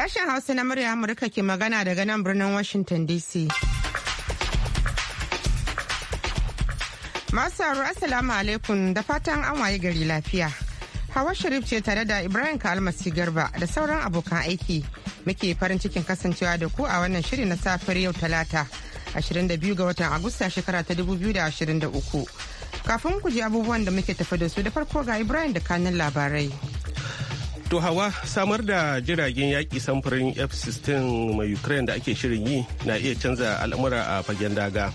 Sashen Hausa na murya Amurka ke magana daga nan birnin Washington DC. Masu sauraro Assalamu alaikum da fatan an waye gari lafiya. Hawa Sharif ce tare da Ibrahim Kalmasi Garba da sauran abokan aiki. Muke farin cikin kasancewa da ku a wannan shiri na safar yau Talata 22 ga watan Agusta shekara ta 2023. Kafin ku ji abubuwan da muke tafi da su da farko ga Ibrahim da kanin labarai. To hawa samar da jiragen yaƙi samfurin F-16 mai Ukraine da ake shirin yi na iya canza al'amura a fagen daga.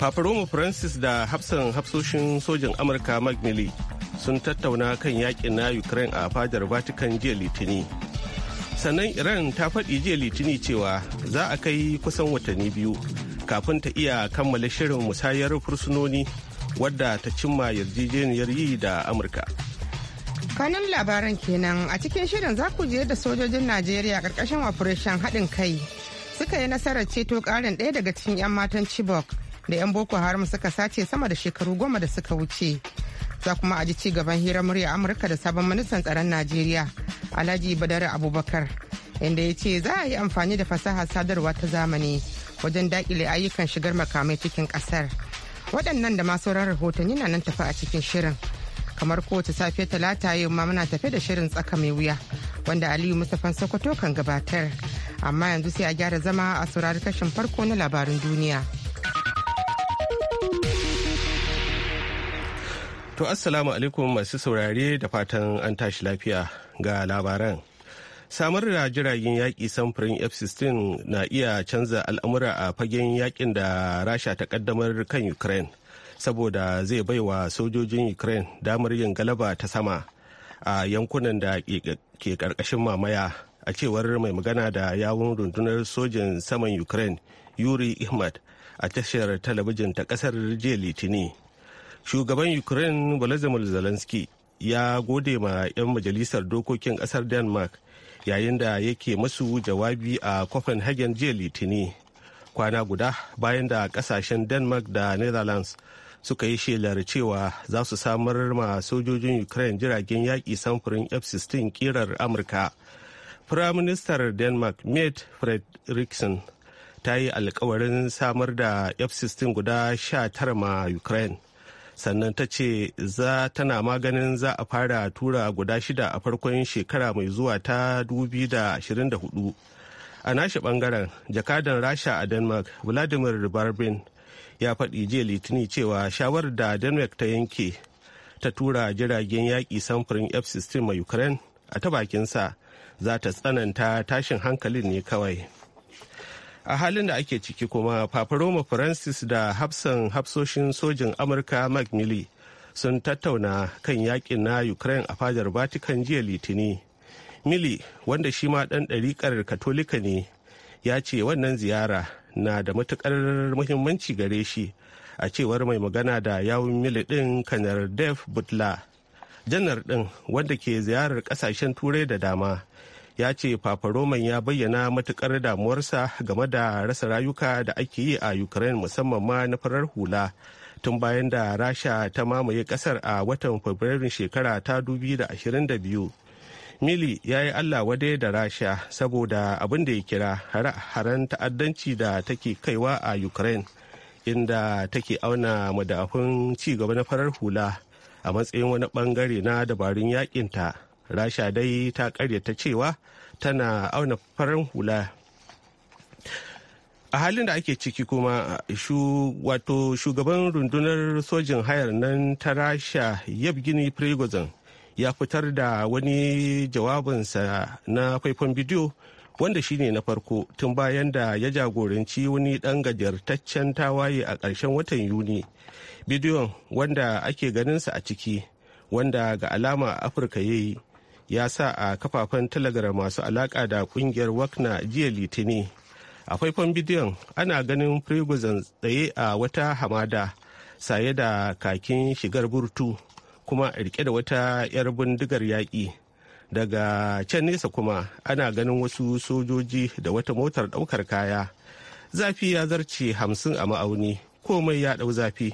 Paparoma Francis da hafsan hafsoshin sojin Amurka Mark sun tattauna kan yaƙin na Ukraine a fadar Vatican jiya Litini. Sannan Iran ta faɗi jiya Litini cewa za a kai kusan watanni biyu kafin ta iya kammala shirin musayar fursunoni wadda ta cimma yarjejeniyar yi da Amurka. kanun labaran kenan a cikin shirin za ku je da sojojin najeriya karkashin operation haɗin kai suka yi nasarar ceto karin ɗaya daga cikin 'yan matan chibok da 'yan boko haram suka sace sama da shekaru goma da suka wuce za kuma a ji ci gaban hirar murya amurka da sabon ministan tsaron najeriya alhaji badar abubakar inda ya ce za a yi amfani da fasaha sadarwa ta zamani wajen daƙile ayyukan shigar makamai cikin ƙasar waɗannan da ma sauran rahotanni na nan tafi a cikin shirin kamar kowace safiya talata yau ma muna tafe da shirin tsaka mai wuya wanda aliyu mustapha sokoto kan gabatar amma yanzu sai a gyara zama a saurari kashin farko na labarin duniya to assalamu alaikum masu saurare da fatan an tashi lafiya ga labaran samar da jiragen yaƙi samfurin f-16 na iya canza al'amura a fagen yaƙin da rasha ta kaddamar kan ukraine saboda zai bai wa sojojin ukraine damar yin galaba ta sama a yankunan da ke karkashin mamaya a cewar mai magana da yawun rundunar sojin saman ukraine yuri ihmad a tashar talabijin ta kasar jiya litini shugaban ukraine volodymyr zelensky ya gode ma 'yan majalisar dokokin kasar denmark yayin da yake masu jawabi a copenhagen jiya litini kwana guda bayan da kasashen denmark da netherlands suka yi shelar cewa za su samar ma sojojin ukraine jiragen yaƙi samfurin f-16 kirar amurka firaministar denmark met frederiksen ta yi alkawarin samar da f-16 guda 19 ma ukraine sannan ta ce za tana maganin za a fara tura guda shida a farkon shekara mai zuwa ta 2024 a nashi bangaren jakadan rasha a denmark vladimir barbin ya faɗi jiya litinin cewa shawarar da denmark ta yanke ta tura jiragen yaƙi samfurin f-16 mai ukraine a ta bakinsa za ta tsananta tashin hankalin ne kawai a halin da ake ciki kuma paparoma francis da hafsan hafsoshin sojin amurka mark Milly. sun tattauna kan yakin na ukraine a fadar vatican jiya litini mili wanda shi ma ɗan ɗariƙar katolika ne ya ce wannan ziyara na da matukar muhimmanci gare shi a cewar mai magana da yawun mili ɗin kanar def butla janar ɗin wanda ke ziyarar ƙasashen turai da dama ya ce fafaroman ya bayyana matukar damuwarsa game da rasa rayuka da ake yi a ukraine musamman ma na farar hula tun bayan da rasha ta mamaye kasar a watan fabrairun shekara ta 2022 mili ya yi allah wade da rasha saboda abin da ya kira hare-haren ta'addanci da take kaiwa a ukraine inda take auna madafun gaba na farar hula a matsayin wani bangare na dabarun yakinta rasha dai ta karyata cewa tana auna farar hula a halin da ake ciki kuma wato shugaban rundunar sojin hayar nan ta rasha yabgini prigozin ya fitar da wani jawabinsa na faifan bidiyo wanda shine na farko tun bayan da ya jagoranci wani ɗan gajartaccen tawaye a ƙarshen watan yuni bidiyon wanda ake ganinsa a ciki wanda ga alama afirka ya yi ya sa a kafafen talagara masu alaƙa da ƙungiyar wakna jiya litini a faifan bidiyon ana ganin prigozan tsaye a wata hamada saye da kakin shigar burtu kuma rike da wata 'yar bindigar yaƙi daga can nesa kuma ana ganin wasu sojoji da wata motar ɗaukar kaya zafi ya zarce hamsin a ma'auni komai ya ɗau zafi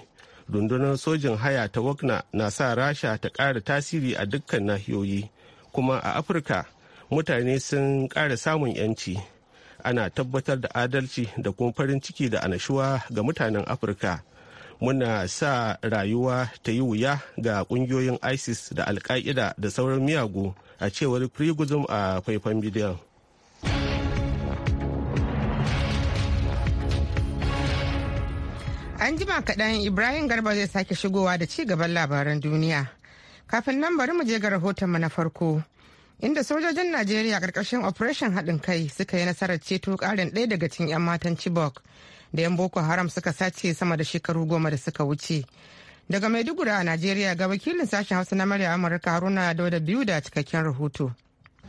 dundunar sojin haya ta wakna na sa rasha ta ƙara tasiri a dukkan nahiyoyi kuma a afirka mutane sun ƙara samun 'yanci ana tabbatar da adalci da kuma farin ciki da anashuwa ga mutanen afirka muna sa rayuwa ta yi wuya ga kungiyoyin isis da alka'ida da sauran miyagu a cewar prigozm a faifan bidiyon an jima kaɗan ibrahim garba zai sake shigowa da ci gaban labaran duniya kafin nan bari mu je ga rahotonmu na farko inda sojojin najeriya ƙarƙashin operation haɗin kai suka yi nasarar ceto ƙarin ɗaya daga cikin 'yan matan chibok da 'yan boko haram suka sace sama da shekaru goma da suka wuce daga maiduguri a najeriya ga wakilin sashen hausa na murya amurka haruna dauda biyu da cikakken rahoto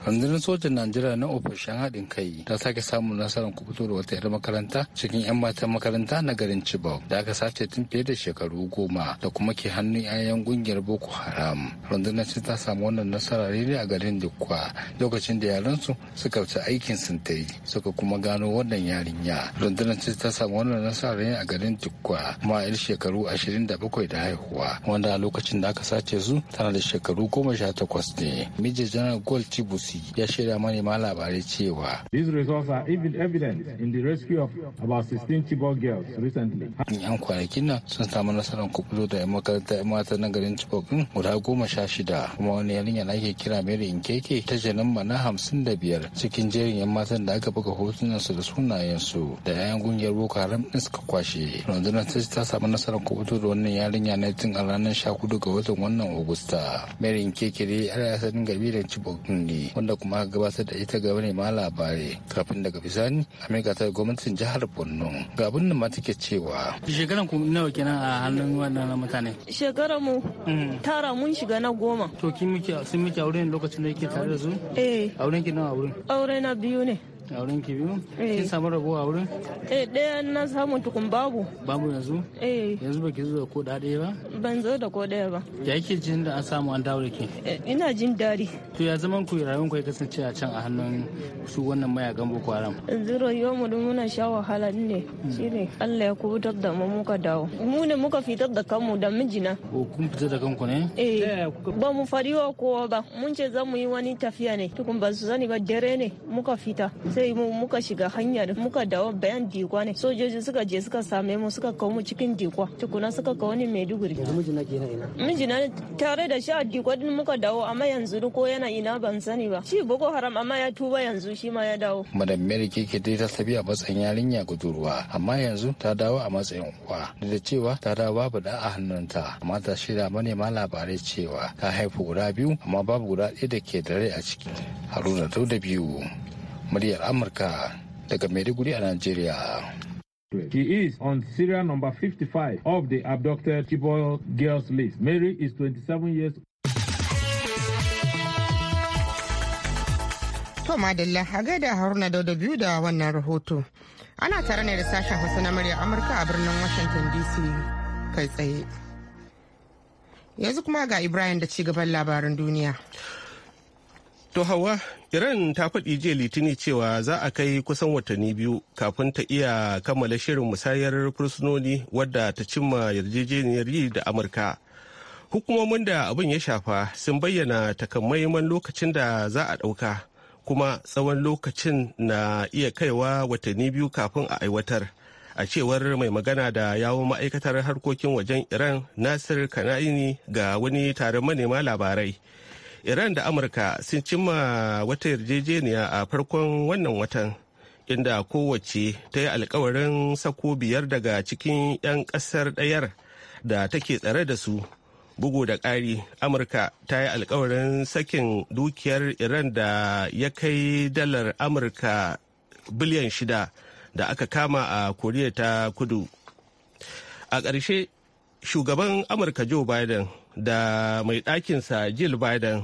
rundunar sojan najeriya na ofishin haɗin kai ta sake samun nasarar kubuto da wata 'yar makaranta cikin 'yan matan makaranta na garin chibok da aka sace tun fiye da shekaru goma da kuma ke hannun 'ya'yan ƙungiyar boko haram rundunar sun ta samu wannan nasara rere a garin dukwa lokacin da yaransu suka fita aikin sun ta yi suka kuma gano wannan yarinya rundunar sun ta samu wannan nasara rere a garin dukwa kuma a shekaru ashirin da bakwai da haihuwa wanda a lokacin da aka sace su tana da shekaru goma sha takwas ne mijin janar gold tibus NDLC ya shaida manema labarai cewa. These results are evident in the rescue of about 16 Chibok girls recently. Yan kwanakin nan sun samu nasarar kubulo da yan makaranta yan mata na garin Chibok din guda goma sha shida kuma wani yarinya ake kira Mary Nkeke ta janin mana hamsin da biyar cikin jerin yan matan da aka buga hotunan su da sunayensu da yayan gungiyar Boko Haram din suka kwashe. Rundunar ta ta samu nasarar kubulo da wannan yarinya na tun a ranar sha hudu ga watan wannan Agusta. Mary Nkeke dai yar asalin da Chibok din ne wanda kuma gabatar da ita ga manema labarai kafin daga bisani a mika ta gwamnatin jihar borno ga abin da ma take cewa shekaran ku nawa kenan a hannun wannan mutane shekaran mu mm. tara mun shiga na goma to kin muke sun muke aure lokacin da yake tare da su eh auren ki nawa auren aure na biyu ne a wurin ki biyu eh. kin samu rabo a wurin eh ɗaya na samu tukun babu babu yanzu eh yanzu ki zo ko da ɗaya ba ban zo da ko ɗaya ba ya kike jin da an samu an dawo da ki eh, ina jin dadi to ya zaman ku rayuwar ku ya kasance a can a hannun su wannan mayakan boko haram yanzu rayuwar mu dun muna sha wahala ne hmm. shine Allah ya kubutar da mu muka dawo mu ne muka fitar da kanmu da mijina ko kun fitar da kanku ne eh ba mu fariwa kowa ba mun ce za mu yi wani tafiya ne tukun ba su sani ba dare ne muka fita sai mu muka shiga hanyar muka dawo bayan dikwa ne sojoji suka je suka same mu suka kawo mu cikin dikwa tukuna suka kawo ni maiduguri mijina ina tare da shi a dikwa din muka dawo amma yanzu ko yana ina ban sani ba shi boko haram amma ya tuba yanzu shi ma ya dawo madam mary keke dai ta tafi a matsayin yarinya gudurwa amma yanzu ta dawo a matsayin uwa da cewa ta dawo babu da a hannunta amma ta shirya manema labarai cewa ta haifu guda biyu amma babu guda ɗaya da ke da rai a ciki haruna da biyu muryar amurka daga maiduguri a Najeriya. He is on serial number 55 of the abducted Chibol girls list. Mary is 27 years old. To Madalla, a gaida Haruna Dauda biyu da wannan rahoto. Ana tare ne da sashen Hausa na murya Amurka a birnin Washington DC kai tsaye. Yanzu kuma ga Ibrahim da ci gaban labaran duniya. To hawa Iran ta faɗi jiya litini cewa za a kai kusan watanni biyu kafin ta iya kammala shirin musayar fursunoni wadda ta cimma yarjejeniyar yi da Amurka. Hukumomin da abin ya shafa sun bayyana takamaiman lokacin da za a ɗauka kuma tsawon lokacin na iya kaiwa watanni biyu kafin a aiwatar. A cewar mai magana da yawon ma'aikatar harkokin wajen Iran Nasir Kana'ini ga wani tare manema labarai. iran da amurka sun cimma wata yarjejeniya a farkon wannan watan inda kowace ta yi alkawarin sako biyar daga cikin 'yan ƙasar ɗayar da take tsare da su bugu da ƙari amurka ta yi alkawarin sakin dukiyar iran da ya kai dalar amurka biliyan shida da aka kama a koriya ta kudu a ƙarshe shugaban amurka joe biden da mai ɗakinsa jill biden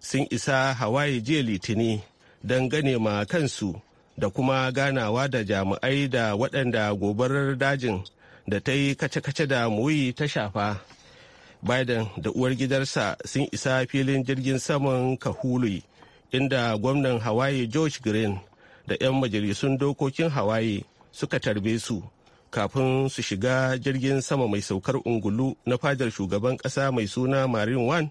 sun isa hawaii jiya litini don gane ma kansu da kuma ganawa da jami'ai da waɗanda gobarar dajin da ta yi kace-kace da muyi ta shafa biden da uwar gidarsa sun isa filin jirgin saman kahului inda gwamnan hawaii george green da 'yan majalisun dokokin hawaii suka tarbe su kafin su shiga jirgin sama mai saukar ungulu na fadar shugaban ƙasa mai suna marin wan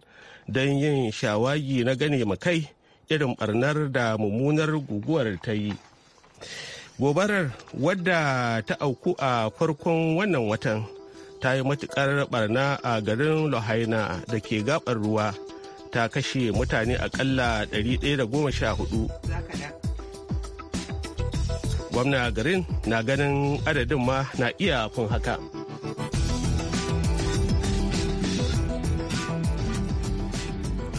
don yin shawagi na gane makai irin barnar da mummunar guguwar ta yi gobarar wadda ta auku a farkon wannan watan ta yi matukar barna a garin lohaina da ke gabar ruwa ta kashe mutane akalla 114 gwamna garin na ganin adadin ma na iya kun haka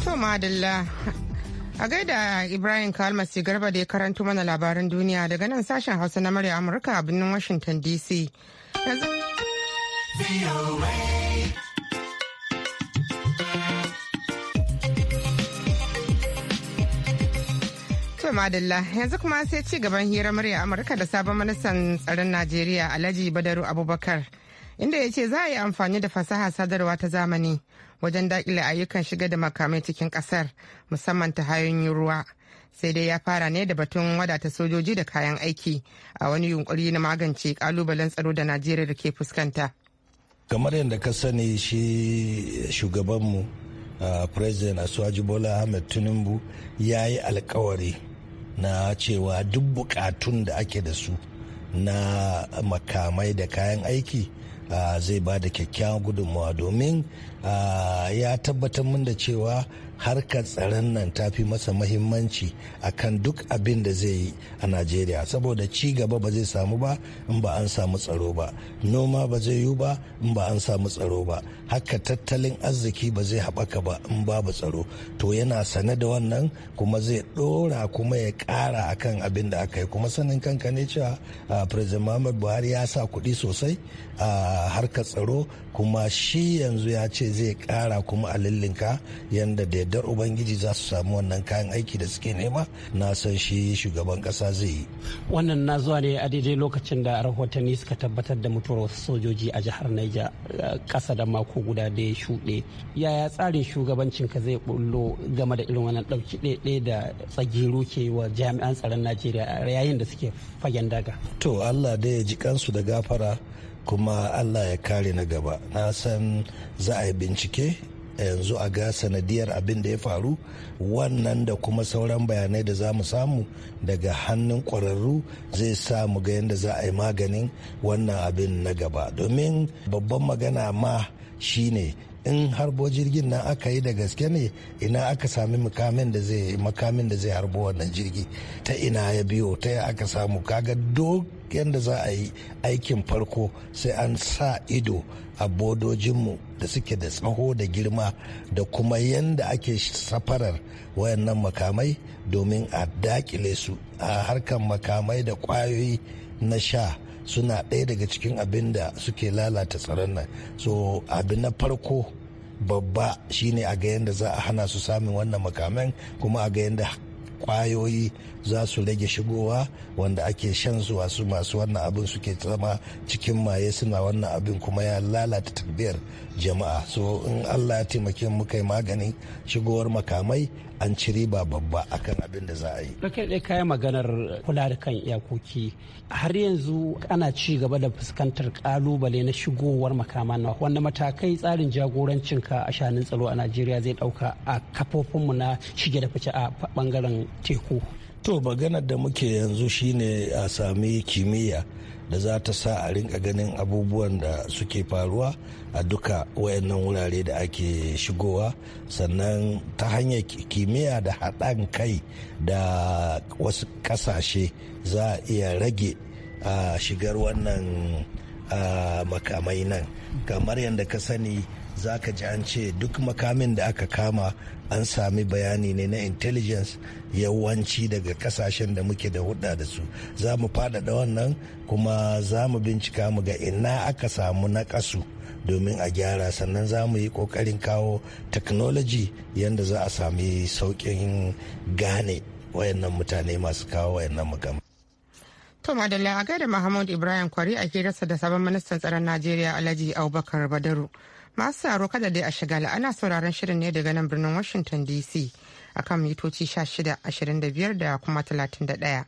to madalla a gaida ibrahim kalmasi garba da ya karanto mana labaran duniya daga nan sashen hausa na murya amurka a birnin washington dc To madalla yanzu kuma sai ci gaban hira murya Amurka da sabon ministan tsaron Najeriya Alhaji Badaru Abubakar inda ya ce za a yi amfani da fasaha sadarwa ta zamani wajen dakile ayyukan shiga da makamai cikin ƙasar musamman ta hanyoyin ruwa sai dai ya fara ne da batun wadata sojoji da kayan aiki a wani yunkuri na magance kalubalen tsaro da Najeriya da ke fuskanta. Kamar yadda ka sani shi shugabanmu uh, president asuwaji bola ahmed tinubu ya yi alkawari na cewa duk bukatun da ake da su na makamai da kayan aiki ah, zai ba da kyakkyawan gudunmawa domin ah, ya tabbatar min da cewa harkar tsaron nan ta fi masa mahimmanci kan duk abin da zai yi a najeriya saboda ci gaba ba zai samu ba in ba an samu tsaro ba noma ba zai yiwu ba in ba an samu tsaro ba haka tattalin arziki ba zai haɓaka ba in babu tsaro to yana sane da wannan kuma zai ɗora kuma ya ƙara a kan abin da aka yi kuma sanin kanka ne cewa ah, president muhammad buhari ya sa kuɗi sosai a harkar tsaro kuma shi yanzu ya ce zai ƙara kuma a lillinka yanda da yardar ubangiji za su samu wannan kayan aiki da suke nema na san shi shugaban kasa zai yi wannan na zuwa ne a daidai lokacin da rahotanni suka tabbatar da mutuwar wasu sojoji a jihar naija kasa da mako guda da ya shuɗe yaya tsarin shugabancin ka zai bullo game da irin wannan ɗauki ɗaiɗe da tsagiru ke wa jami'an tsaron najeriya yayin da suke fagen daga to allah da ya ji kansu da gafara kuma allah ya kare na gaba na san za a yi bincike yanzu a ga sanadiyar abin da ya faru wannan da kuma sauran bayanai da za mu samu daga hannun ƙwararru zai sa mu ga yadda za a yi maganin wannan abin na gaba domin babban magana ma shine in harbo jirgin nan aka yi da gaske ne ina aka sami makamin da zai makamin da zai harbo wannan jirgi ta ina ya biyo ta ya aka samu kaga duk yadda za a yi aikin farko sai an sa ido a bodojinmu da suke da tsaho da girma da kuma yadda ake safarar wayannan makamai domin a dakile su a harkan makamai da kwayoyi na sha suna ɗaya daga cikin abin da suke lalata tsaron nan so abu na farko babba shine a ga yadda za a hana su samun wannan makaman kuma a ga yadda kwayoyi za su rage shigowa wanda ake shan su wasu masu wannan abin suke zama cikin maye suna wannan abin kuma ya lalata tarbiyar jama'a so in allah ya taimake mu kai maganin shigowar makamai an ci ba babba akan abin da za a yi. Kake kayan maganar kula da kan iyakoki har yanzu ana ci gaba da fuskantar kalubale na shigowar makaman na wanda matakai tsarin jagorancin ka a shanun tsaro a Najeriya zai ɗauka a kafofinmu na shige da fice a bangaren teku. to maganar da muke yanzu shine a sami kimiyya da za ta sa a rinka ganin abubuwan da suke faruwa a duka wayannan wurare da ake shigowa sannan ta hanyar kimiyya da haɗan kai da wasu ƙasashe za a iya rage a shigar wannan makamai nan kamar yadda ka sani za ka ji an ce duk makamin da aka kama an sami bayani ne na intelligence yawanci daga kasashen da muke da hudda da su za mu faɗaɗa wannan kuma za mu bincika mu ga ina aka samu na kasu domin a gyara sannan za mu yi kokarin kawo technology yadda za a sami saukin gane wayannan mutane masu kawo wayannan makamai To Madalla a gaida Mahmud Ibrahim Kwari a rasa da sabon ministan tsaron Najeriya Alhaji Abubakar Badaru. Masu tsaro kada dai a shigala ana sauraron shirin ne daga nan birnin Washington DC akan mitoci 1625 da kuma 31.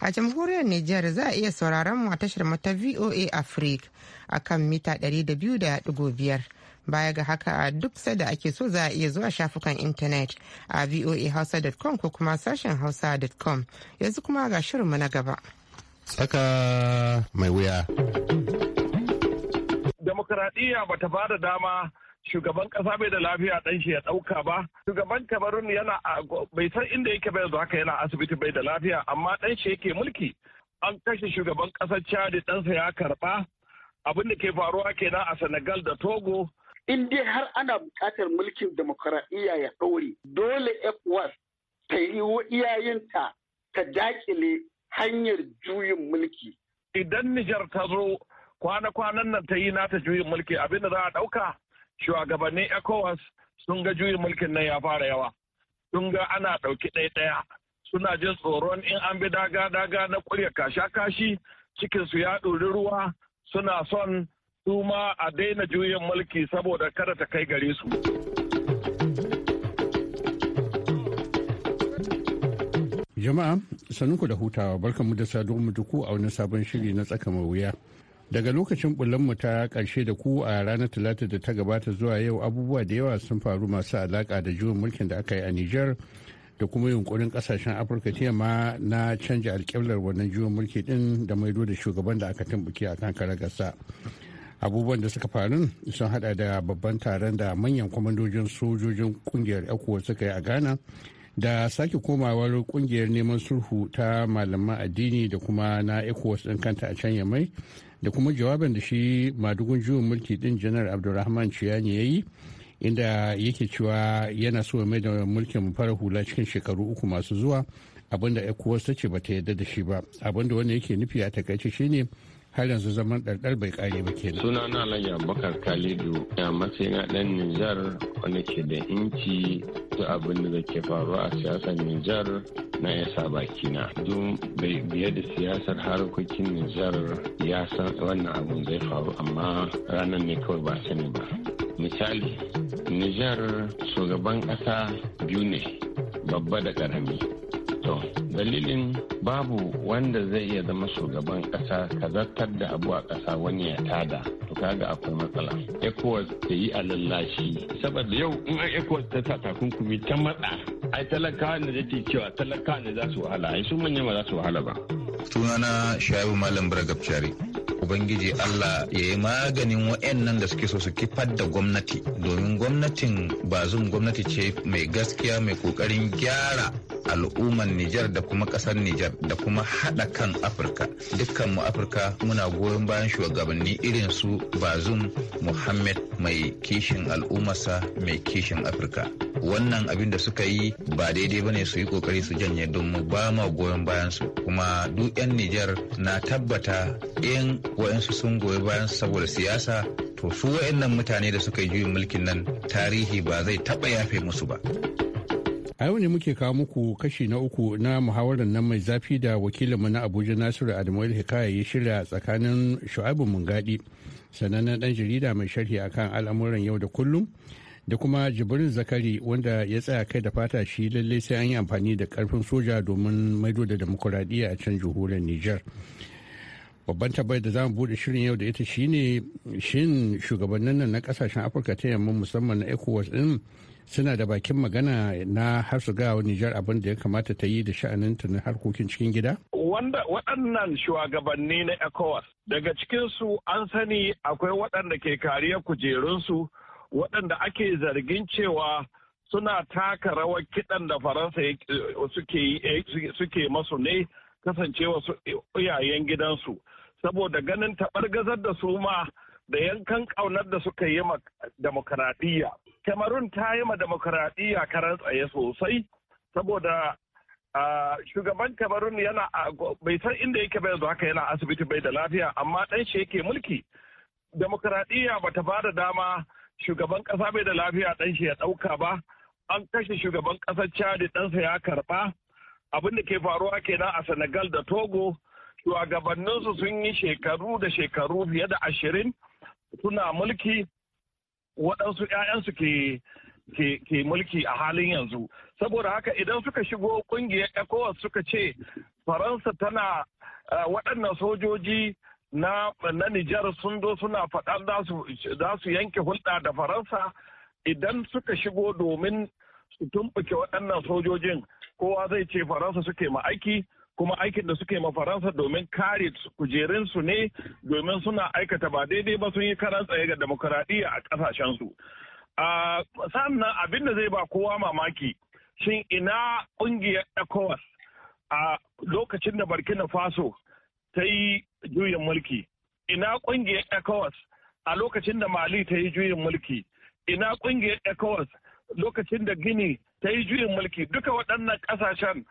A jamhuriyar Nijar za a iya sauraron mu a tashar mata VOA Africa akan mita 200.5. Baya ga haka a duk sada ake so za a iya zuwa shafukan intanet a voahausa.com ko kuma sashen hausa.com yanzu kuma ga shirinmu na gaba. Tsaka mai wuya. demokaradiyya bata ba da dama shugaban kasa bai da lafiya dan shi ya dauka ba shugaban kamarun yana bai san inda yake ba yanzu haka yana asibiti bai da lafiya amma dan shi yake mulki an kashe shugaban kasar chad ɗansa ya karba abin da ke faruwa kenan a senegal da togo in dai har ana buƙatar mulkin demokaradiyya ya ɗore dole ecowas ta yi wa iyayenta ta dakile hanyar juyin mulki idan nijar ta zo kwana-kwanan nan ta yi nata juyin mulki abin da za a ɗauka shugabannin ecowas sun ga juyin mulkin nan ya fara yawa sun ga ana ɗauki ɗaya-ɗaya suna jin tsoron in an bi daga-daga na kurya kasha-kashi cikinsu ya ɗori ruwa suna son su ma a daina juyin mulki saboda kada ta kai gare su. Jama'a, ku da hutawa barkanmu da saduwar mu duku a wani sabon shiri na tsaka wuya. daga lokacin mu ta ƙarshe da ku a ranar talata da ta gabata zuwa yau abubuwa da yawa sun faru masu alaƙa da juyin mulkin da aka yi a niger da kuma yunkurin ƙasashen afirka ta yamma na canja alƙiblar wannan juyin mulki din da maido da shugaban da aka tumbuke a kan gasa abubuwan da suka faru sun hada da babban taron da manyan kwamandojin sojojin kungiyar ecowas suka yi a ghana da sake komawar kungiyar neman sulhu ta malaman addini da kuma na ecowas din kanta a can yamai da kuma jawabin da shi madugun juyin mulki din janar abdulrahman ciyani ya yi inda yake cewa yana so mai da mulkin fara hula cikin shekaru uku masu zuwa abinda ecowas ta ce bata yarda da shi ba abinda wanda yake nufi a takaice shine har yanzu zaman ɗarɗar bai ƙare ba kenan. suna na alayya bakar khalidu ya na ɗan nijar wanda ke da inci da abin da ke faruwa a siyasar nijar na ya sa baki na. don bai biye da siyasar harkokin nijar ya san wannan abun zai faru amma ranar ne kawai ba sani ba misali nijar shugaban ƙasa biyu ne babba da ƙarami to dalilin babu wanda zai iya zama shugaban kasa ka zartar da abu a kasa wani ya tada to kaga akwai matsala ecowas ta yi a lallashi saboda yau in ecowas ta sa takunkumi ta matsa ai talakawa ne zai cewa talakawa ne za su wahala ai su manya ba za su wahala ba sunana shayu malam bargabcari Ubangiji Allah ya yi maganin wa'annan da suke so su kifar da gwamnati domin gwamnatin zun gwamnati ce mai gaskiya mai kokarin gyara al'umman Nijar da kuma ƙasar Nijar da kuma haɗa kan Afirka. Dukkan mu Afirka muna goyon bayan shugabanni irin su Bazum Muhammad mai kishin al'ummarsa mai kishin Afirka. Wannan abin da suka yi ba daidai bane su yi kokari su janye don mu ba ma goyon bayan su kuma duk 'yan Nijar na tabbata 'yan wa'insu sun goyi bayan saboda siyasa to su wa'annan mutane da suka yi juyin mulkin nan tarihi ba zai taɓa yafe musu ba. A yau ne muke kawo muku kashi na uku na muhawarar nan mai zafi da wakilinmu na Abuja Nasiru Adamuwar Hikaya ya shirya tsakanin Shu'abu Mungadi, sanannen ɗan jarida mai sharhi akan al'amuran yau da kullum, da kuma Jibrin Zakari wanda ya tsaya kai da fata shi lallai sai an yi amfani da karfin soja domin maido da demokuraɗiyya a can jihohin Nijar. babban tabbai da zamu bude shirin yau da ita shine shin shugabannin nan na kasashen afirka ta yamma musamman na ecowas din suna da bakin magana na har su gawa Nijar abin da ya kamata ta yi da sha'aninta na harkokin cikin gida? Wanda waɗannan shugabanni na ECOWAS daga cikinsu an sani akwai waɗanda ke kariyar kujerunsu waɗanda ake zargin cewa suna taka rawar kiɗan da Faransa eh, suke masu ne kasancewa iyayen gidansu saboda ganin taɓar gazar da su ma da yankan kaunar da suka yi ma demokaradiyya. Cameroon ta yi ma demokaradiyya karar tsaye sosai saboda shugaban Cameroon yana bai san inda yake bai yanzu haka yana asibiti bai da lafiya amma ɗan shi yake mulki. Demokaradiyya bata ba da dama shugaban ƙasa bai da lafiya ɗan shi ya ɗauka ba. An kashe shugaban ƙasar Chad ɗansa ya karɓa. Abin da ke faruwa kenan a Senegal da Togo. Shugabanninsu sun yi shekaru da shekaru fiye da ashirin suna mulki waɗansu 'ya'yansu ke ke, mulki a halin yanzu saboda haka idan suka shigo kungiyar ecowas suka ce faransa tana eh, waɗannan sojoji na, nijar sun zo suna faɗar za su yanke hulɗa da faransa idan suka shigo domin su tumɓuke waɗannan sojojin kowa zai ce faransa suke ma'aiki kuma aikin da suke ma faransa domin kare kujerunsu ne domin suna aikata ba daidai ba sun yi karan tsaye ga demokaradiyya a ƙasashensu sannan abin da zai ba kowa mamaki shin ina kungiyar ecowas a lokacin da burkina faso ta yi juyin mulki ina kungiyar ecowas a lokacin da mali ta yi juyin mulki ina kungiyar ecowas lokacin da gini ta yi juyin mulki duka waɗannan ƙasashen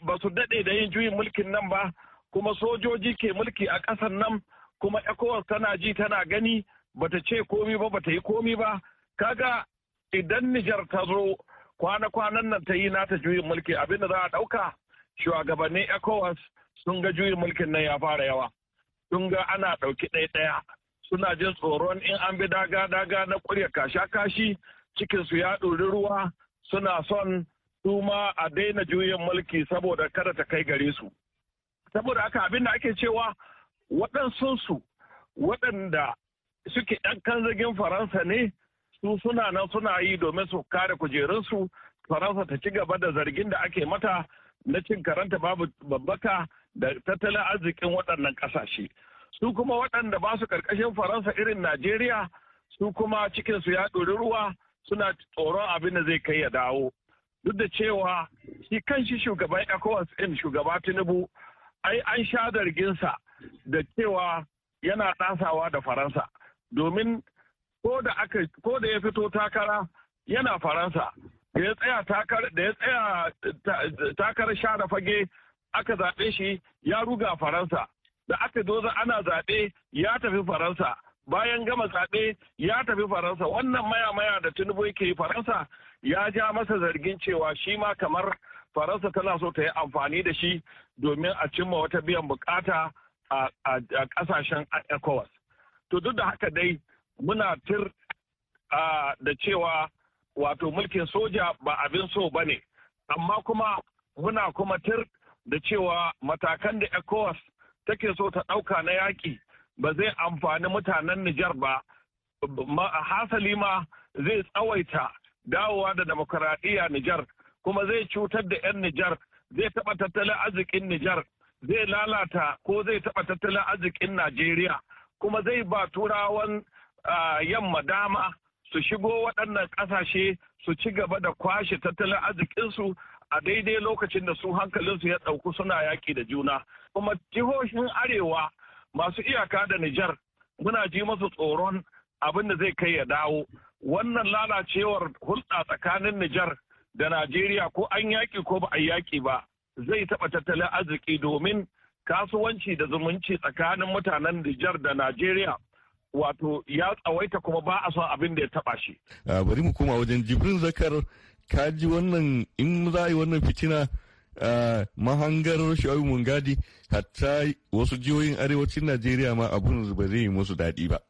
ba su daɗe da yin juyin mulkin nan ba kuma sojoji ke mulki a ƙasar nan kuma ECOWAS tana ji tana gani bata ce komi ba bata yi komi ba kaga idan Nijar ta zo kwana-kwanan nan ta yi nata juyin mulki abinda za a ɗauka shugabannin ECOWAS sun ga juyin mulkin nan ya fara yawa sun ga ana ɗauki ɗaya-ɗaya suna jin tsoron in an bi daga-daga na kurya kasha-kashi cikinsu ya ɗori ruwa suna son su ma a daina juyin mulki saboda kada ta kai gare su saboda aka abin da ake cewa waɗansunsu waɗanda suke ɗan kanzagin faransa ne su suna nan suna yi domin su kare kujerunsu faransa ta ci gaba da zargin da ake mata na cin karanta babu babbaka da tattalin arzikin waɗannan ƙasashe su kuma waɗanda ba su ƙarƙashin faransa irin najeriya su kuma cikinsu ya ɗori ruwa suna tsoron abin da zai kai ya dawo duk da cewa shi kanshi shugaban ecowas ɗin shugaba tinubu ai an sha zarginsa da cewa yana ɗasawa da faransa domin ko da ya fito takara yana faransa da ya tsaya takarar da fage aka zaɓe shi ya ruga faransa da aka doza ana zaɓe ya tafi faransa bayan gama zaɓe ya tafi faransa wannan maya-maya da tinubu yake faransa ya ja masa zargin cewa shi ma kamar faransa tana so ta yi amfani da shi domin a cimma wata biyan bukata a kasashen ecowas to duk da haka dai muna tir da cewa wato mulkin soja ba abin so ba ne amma kuma muna kuma tir da cewa matakan da ecowas take so ta ɗauka na yaƙi ba zai amfani mutanen nijar ba hasali ma zai tsawaita dawowa da demokaradiyya Nijar kuma zai cutar da 'yan Nijar zai taɓa tattalin arzikin Nijar zai lalata ko zai taɓa tattalin arzikin Najeriya kuma zai ba turawan yamma dama su shigo waɗannan ƙasashe su ci gaba da kwashe tattalin arzikinsu a daidai lokacin da su hankalinsu ya ɗauku suna yaƙi da juna kuma jihohin arewa masu iyaka da Nijar muna ji masu tsoron abin da zai kai ya dawo wannan lalacewar hulɗa tsakanin Nijar da Najeriya ko an yaƙi ko ba a yaƙi ba zai taɓa tattalin arziki domin kasuwanci da zumunci tsakanin mutanen Nijar da Najeriya wato ya tsawaita kuma ba a son abin da ya taɓa shi. Ah, bari mu koma wajen Jibrin Zakar ka ji wannan in za a yi wannan fitina ah, mahangar Shu'aibu Mungadi hatta wasu jihohin arewacin Najeriya ma abun ba zai yi musu daɗi ba.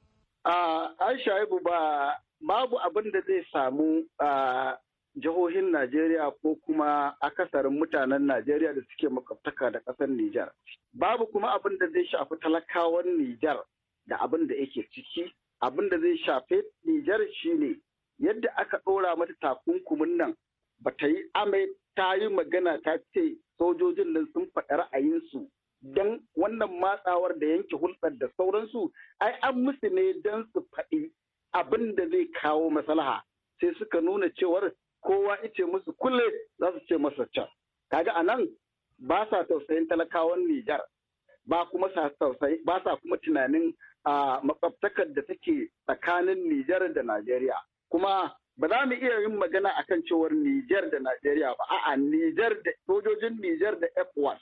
A ah, Shu'aibu ba babu abin da zai samu a jihohin Najeriya ko kuma akasarin mutanen Najeriya da suke makwabtaka da ƙasar Nijar. Babu kuma abin da zai shafi talakawan Nijar da abin da yake ciki. Abin da zai shafi Nijar shine yadda aka ɗora mata takunkumin nan ba ta yi amai ta yi magana ta ce sojojin nan sun faɗi ra'ayinsu don wannan matsawar da yanke hulɗar da sauransu ai an musu ne don su faɗi abin da zai kawo maslaha sai suka nuna cewar kowa ice musu kulle za su ce masa can kaga anan ba sa tausayin talakawan Nijar ba kuma sa kuma tunanin a makwabtakar da take tsakanin Nijar da Najeriya kuma ba za mu iya yin magana a kan cewar Nijar da Najeriya ba a'a Nijar da sojojin Nijar da F1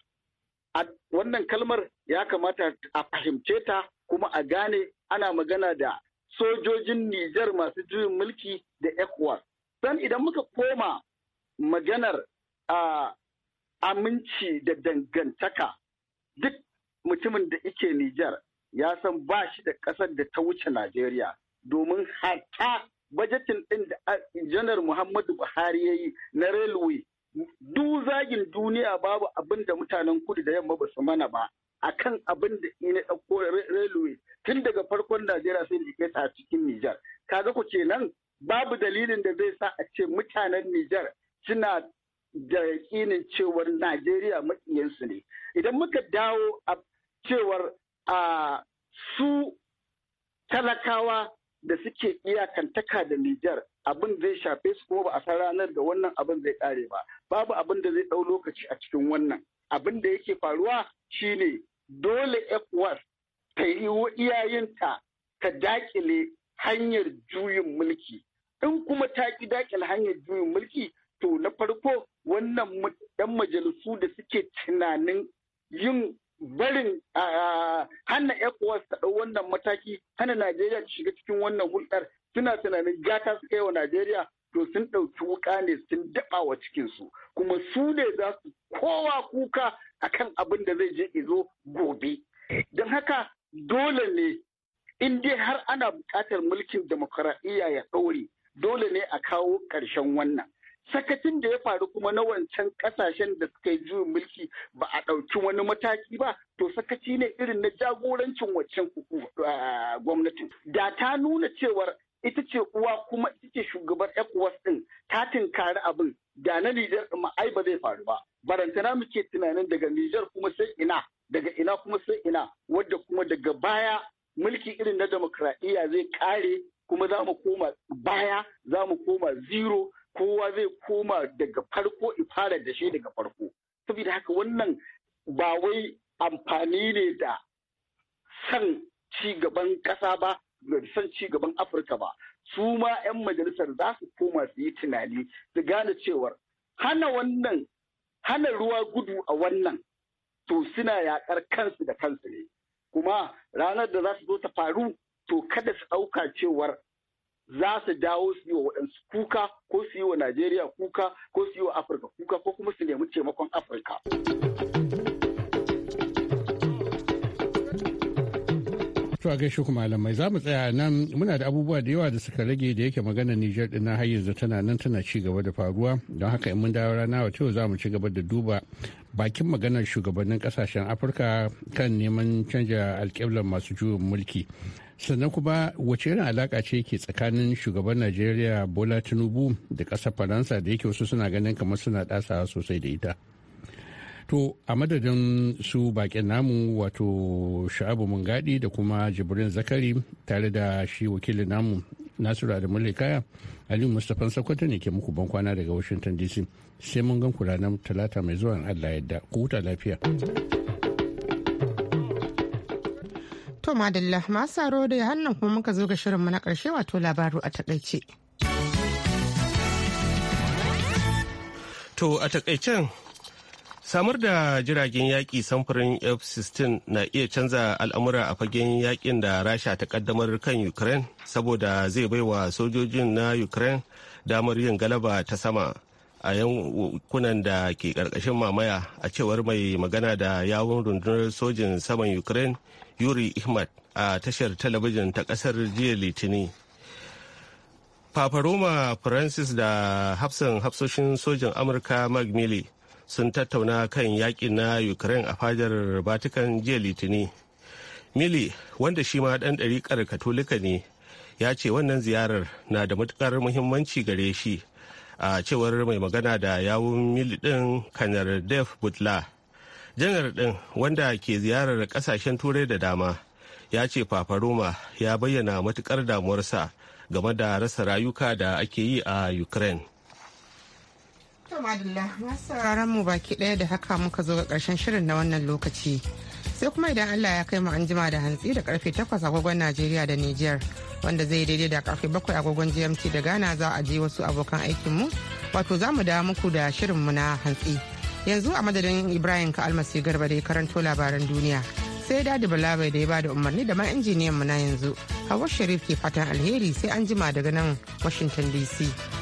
a wannan kalmar ya kamata a fahimce ta kuma a gane ana magana da sojojin Nijar masu juyin mulki da ECOWAS. San idan muka koma maganar a aminci da dangantaka duk mutumin da ike Nijar ya san ba shi da ƙasar da ta wuce Najeriya domin hata bajetin ɗin da janar Muhammadu Buhari ya yi na railway duk zagin duniya babu abin da mutanen kudu da yamma ba su mana ba akan abin da ina ɗauko railway tun daga farkon Najeriya sai da kai a cikin Nijar. Kaga ku nan, babu dalilin da zai sa a ce mutanen Nijar suna da yakinin cewar Najeriya maƙiyansu ne. Idan muka dawo a cewar a su talakawa da suke iyakantaka da Nijar abin zai shafe su kuma ba a san ranar da wannan abin zai kare ba babu abin da zai ɗau lokaci a cikin wannan abin da yake faruwa shine dole ekuwar ta yi iyayenta ta dakile hanyar juyin mulki in kuma ta ki dakile hanyar juyin mulki to na farko wannan dan majalisu da suke tunanin yin barin hana ekuwar ta ɗau wannan mataki hana najeriya ta shiga cikin wannan hulɗar suna tunanin gata suka yi wa najeriya to sun ɗauki wuƙa ne sun daɓa wa cikinsu kuma su ne za su kowa kuka akan abin da zai je izo gobe don haka dole ne in dai har ana buƙatar mulkin demokaraɗiyya ya ɗore dole ne a kawo ƙarshen wannan sakacin da ya faru kuma na wancan ƙasashen da suka yi juyin mulki ba a ɗauki wani mataki ba to sakaci ne irin na jagorancin waccan ah, gwamnatin da ta nuna cewar ita ce uwa kuma ita ce shugabar ecowas ɗin, ta tinkari abin da na Nijar ma ai ba zai faru ba barantana muke tunanin daga Nijar kuma sai ina daga ina kuma sai ina wadda kuma daga baya mulki irin na demokradiyya zai kare kuma za mu koma baya za mu koma zero kowa zai koma daga farko fara da shi daga farko saboda haka wannan ba wai amfani ne da san ci gaban ƙasa ba san ci gaban afirka ba su ma 'yan majalisar za su koma su yi tunani su gane cewar hana wannan hana ruwa gudu a wannan to suna yakar kansu da kansu ne kuma ranar da za su zo ta faru to kada su ɗauka cewar za su dawo su yi wa waɗansu kuka ko su yi wa Najeriya kuka ko su yi wa Afirka kuka ko kuma su nemi taimakon Afirka. To a gaishe ku malamai za mu tsaya nan muna da abubuwa da yawa da suka rage da yake magana Nijar din na hayyar da tana nan tana ci gaba da faruwa don haka in mun dawo rana to za mu ci gaba da duba bakin maganar shugabannin kasashen Afirka kan neman canja alƙiblar masu juyin mulki. sannan kuma wace irin alaka ce ke tsakanin shugaban najeriya bola tinubu da ƙasar faransa da yake wasu suna ganin kamar suna ɗasawa sosai da ita To a madadin su bakin namu wato sha'abu mun mungadi da kuma jibrin zakari tare da shi wakilin namu nasiru adamu lekaya aliyu mustapha sakwato ne ke muku bankwana daga washington dc sai mun gan kula na talata mai zuwa allah yadda ku huta lafiya to madalla masu saro da hannun kuma muka zo ga shirinmu na karshe wato labaru a takaice to a takaicen samar da jiragen yaƙi samfurin f-16 na iya canza al'amura a fagen yaƙin da rasha ta kaddamar kan ukraine saboda zai baiwa sojojin na ukraine damar yin galaba ta sama a yankunan da ke ƙarƙashin mamaya a cewar mai magana da yawun rundunar sojin saman ukraine yuri ihmad a tashar talabijin ta ƙasar jiya litini Papa Roma Francis da hafsan hafsoshin sojin Amurka Mark Milley sun tattauna kan yaƙi na ukraine a fadar batikan jiya litini mili wanda shi ma ɗan ɗariƙar katolika ne ya ce wannan ziyarar na da matuƙar muhimmanci gare shi a cewar mai magana da yawun mili ɗin kanar def butla janar ɗin wanda ke ziyarar ƙasashen turai da dama ya ce fafaroma ya bayyana matuƙar damuwarsa game da rasa rayuka da ake yi a ukraine mu baki ɗaya da haka muka zo ga ƙarshen shirin na wannan lokaci sai kuma idan allah ya kai mu an jima da hantsi da karfe 8 agogon najeriya da niger wanda zai daidai da karfe 7 agogon gmt da ghana za a je wasu abokan aikin mu wato za mu dawo muku da shirin mu na hantsi yanzu a madadin ibrahim ka almasi garba da karanto labaran duniya sai dadi bai da ya bada umarni da ma injiniyan mu na yanzu hawa sharif ke fatan alheri sai an jima daga nan washington dc